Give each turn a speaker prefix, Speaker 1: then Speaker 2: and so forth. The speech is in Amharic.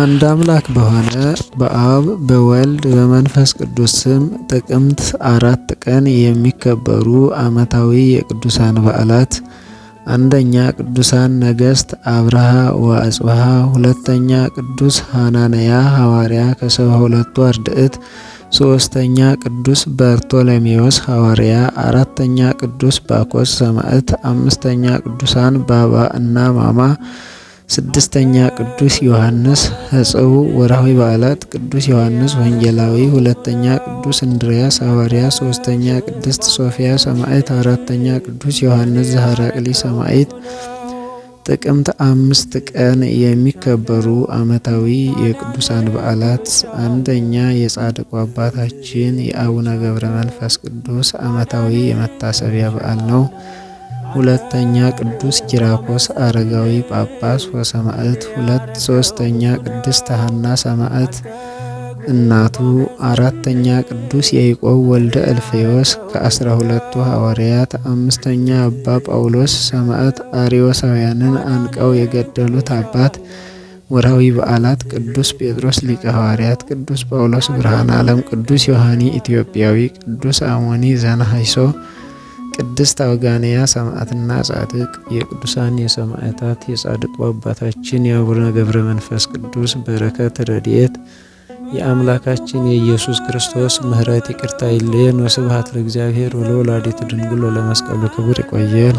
Speaker 1: አንድ አምላክ በሆነ በአብ በወልድ በመንፈስ ቅዱስ ስም ጥቅምት አራት ቀን የሚከበሩ ዓመታዊ የቅዱሳን በዓላት፣ አንደኛ ቅዱሳን ነገሥት አብርሃ ወአጽብሃ፣ ሁለተኛ ቅዱስ ሐናንያ ሐዋርያ ከሰባ ሁለቱ አርድእት፣ ሶስተኛ ቅዱስ በርቶሎሜዎስ ሐዋርያ፣ አራተኛ ቅዱስ ባኮስ ሰማዕት፣ አምስተኛ ቅዱሳን ባባ እና ማማ ስድስተኛ ቅዱስ ዮሐንስ ህጽው ወርሃዊ በዓላት ቅዱስ ዮሐንስ ወንጌላዊ፣ ሁለተኛ ቅዱስ እንድርያስ ሐዋርያ፣ ሶስተኛ ቅድስት ሶፊያ ሰማዕት፣ አራተኛ ቅዱስ ዮሐንስ ዘሐራቅሊ ሰማዕት። ጥቅምት አምስት ቀን የሚከበሩ ዓመታዊ የቅዱሳን በዓላት፣ አንደኛ የጻድቁ አባታችን የአቡነ ገብረ መንፈስ ቅዱስ ዓመታዊ የመታሰቢያ በዓል ነው። ሁለተኛ ቅዱስ ኪራኮስ አረጋዊ ጳጳስ ወሰማዕት ሁለት ሶስተኛ ቅድስት ሐና ሰማዕት እናቱ አራተኛ ቅዱስ ያዕቆብ ወልደ እልፍዮስ ከአስራ ሁለቱ ሐዋርያት አምስተኛ አባ ጳውሎስ ሰማዕት አሪዮሳውያንን አንቀው የገደሉት አባት ወርሃዊ በዓላት ቅዱስ ጴጥሮስ ሊቀ ሐዋርያት፣ ቅዱስ ጳውሎስ ብርሃን ዓለም፣ ቅዱስ ዮሐኒ ኢትዮጵያዊ፣ ቅዱስ አሞኒ ዘናሃይሶ ቅድስት አውጋንያ ሰማዕትና ጻድቅ የቅዱሳን የሰማዕታት የጻድቁ አባታችን የአቡነ ገብረ መንፈስ ቅዱስ በረከት ረድኤት የአምላካችን የኢየሱስ ክርስቶስ ምሕረት ይቅርታ ይለየን። ወስብሐት ለእግዚአብሔር ወለወላዲቱ ድንግል ወለመስቀሉ ክቡር። ይቆየን።